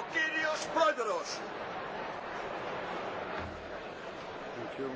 ο κύριος Πρόεδρος. Thank you.